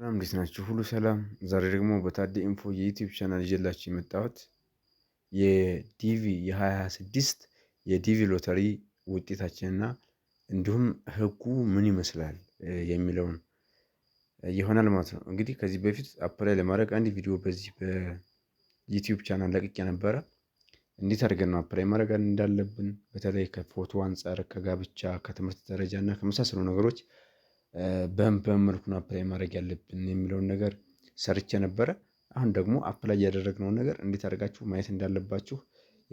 ሰላም እንዴት ናችሁ? ሁሉ ሰላም። ዛሬ ደግሞ በታዴ ኢንፎ የዩቲዩብ ቻናል ይዤላችሁ የመጣሁት የዲቪ የ2026 የዲቪ ሎተሪ ውጤታችንና እንዲሁም ህጉ ምን ይመስላል የሚለውን ይሆናል ማለት ነው። እንግዲህ ከዚህ በፊት አፕላይ ለማድረግ አንድ ቪዲዮ በዚህ በዩቲዩብ ቻናል ለቅቄ ነበረ። እንዴት አድርገን ነው አፕላይ ማድረግ እንዳለብን በተለይ ከፎቶ አንጻር፣ ከጋብቻ፣ ከትምህርት ደረጃ እና ከመሳሰሉ ነገሮች በምን መልኩ ነው አፕላይ ማድረግ ያለብን የሚለውን ነገር ሰርቼ ነበረ። አሁን ደግሞ አፕላይ ያደረግነውን ነገር እንዴት አድርጋችሁ ማየት እንዳለባችሁ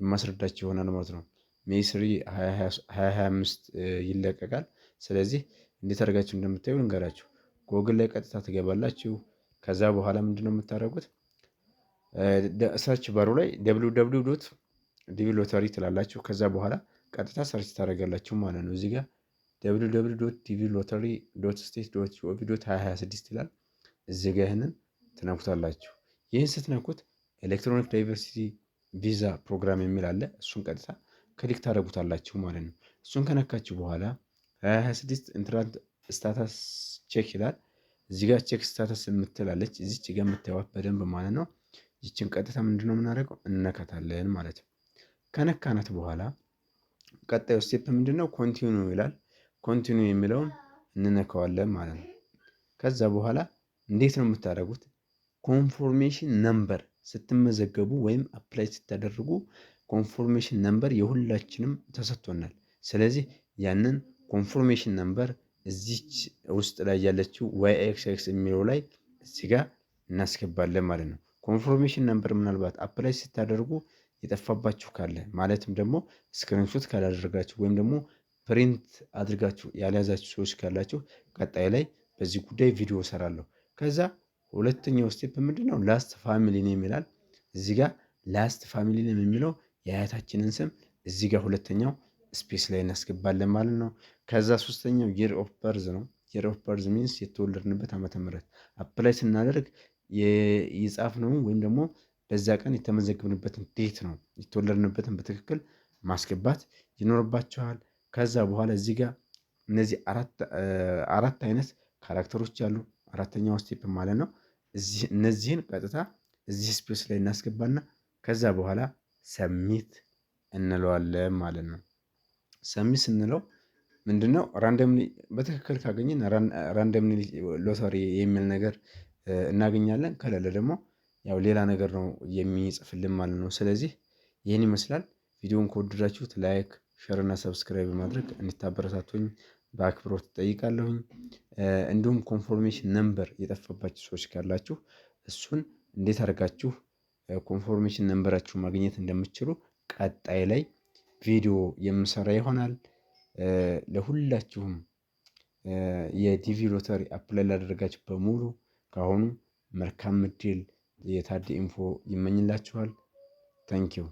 የማስረዳችሁ ይሆናል ማለት ነው። ሜስሪ 2 2025 ይለቀቃል። ስለዚህ እንዴት አድርጋችሁ እንደምታዩ ልንገራችሁ። ጎግል ላይ ቀጥታ ትገባላችሁ። ከዛ በኋላ ምንድነው የምታደርጉት? ሰርች ባሩ ላይ ደብሊው ዲቪ ሎተሪ ትላላችሁ። ከዛ በኋላ ቀጥታ ሰርች ታደርጋላችሁ ማለት ነው እዚህ ጋር ዲቪ ይላል። እዚህ ጋ ይህንን ትነኩታላችሁ። ይህን ስትነኩት ኤሌክትሮኒክ ዳይቨርሲቲ ቪዛ ፕሮግራም የሚል አለ። እሱን ቀጥታ ክሊክ ታደረጉታላችሁ ማለት ነው። እሱን ከነካችሁ በኋላ 26 ኢንትራንት ስታታስ ቼክ ይላል። እዚህ ጋር ቼክ ስታተስ የምትላለች እዚች ጋር የምታዩት በደንብ ማለት ነው። ይችን ቀጥታ ምንድን ነው የምናደርገው እነካታለን ማለት ነው። ከነካናት በኋላ ቀጣዩ ስቴፕ ምንድን ነው? ኮንቲኑ ይላል። ኮንቲኒ የሚለውን እንነካዋለን ማለት ነው። ከዛ በኋላ እንዴት ነው የምታደርጉት? ኮንፎርሜሽን ነምበር ስትመዘገቡ ወይም አፕላይ ስታደርጉ ኮንፎርሜሽን ነምበር የሁላችንም ተሰጥቶናል። ስለዚህ ያንን ኮንፎርሜሽን ነምበር እዚች ውስጥ ላይ ያለችው ዋይ ኤክስ ኤክስ የሚለው ላይ እዚህ ጋር እናስገባለን ማለት ነው። ኮንፎርሜሽን ነምበር ምናልባት አፕላይ ስታደርጉ የጠፋባችሁ ካለ ማለትም ደግሞ ስክሪንሹት ካላደረጋችሁ ወይም ደግሞ ፕሪንት አድርጋችሁ ያልያዛችሁ ሰዎች ካላችሁ ቀጣይ ላይ በዚህ ጉዳይ ቪዲዮ ሰራለሁ ከዛ ሁለተኛው ስቴፕ ምንድን ነው? ላስት ፋሚሊን የሚላል እዚህ ጋር ላስት ፋሚሊን የሚለው የአያታችንን ስም እዚህ ሁለተኛው ስፔስ ላይ እናስገባለን ማለት ነው። ከዛ ሶስተኛው የር ኦፍ በርዝ ነው። የር ኦፍ በርዝ ሚንስ የተወለድንበት ዓመተ ምህረት አፕላይ ስናደርግ ነው ወይም ደግሞ በዛ ቀን የተመዘግብንበትን ዴት ነው የተወለድንበትን በትክክል ማስገባት ይኖርባችኋል። ከዛ በኋላ እዚህ ጋር እነዚህ አራት አይነት ካራክተሮች አሉ። አራተኛው ስቴፕ ማለት ነው። እነዚህን ቀጥታ እዚህ ስፔስ ላይ እናስገባና ከዛ በኋላ ሰሚት እንለዋለን ማለት ነው። ሰሚት ስንለው ምንድነው ራንደምሊ በትክክል ካገኘን ራንደምሊ ሎተሪ የሚል ነገር እናገኛለን። ከሌለ ደግሞ ያው ሌላ ነገር ነው የሚጽፍልን ማለት ነው። ስለዚህ ይህን ይመስላል። ቪዲዮውን ከወደዳችሁት ላይክ ሸርና ሰብስክራይብ በማድረግ እንድታበረታቱኝ በአክብሮት እጠይቃለሁኝ። እንዲሁም ኮንፎርሜሽን ነምበር የጠፋባችሁ ሰዎች ካላችሁ እሱን እንዴት አድርጋችሁ ኮንፎርሜሽን ነንበራችሁ ማግኘት እንደምትችሉ ቀጣይ ላይ ቪዲዮ የምሰራ ይሆናል። ለሁላችሁም የዲቪ ሎተሪ አፕላይ ላደረጋችሁ በሙሉ ከአሁኑ መልካም እድል የታዲ ኢንፎ ይመኝላችኋል። ታንኪዩ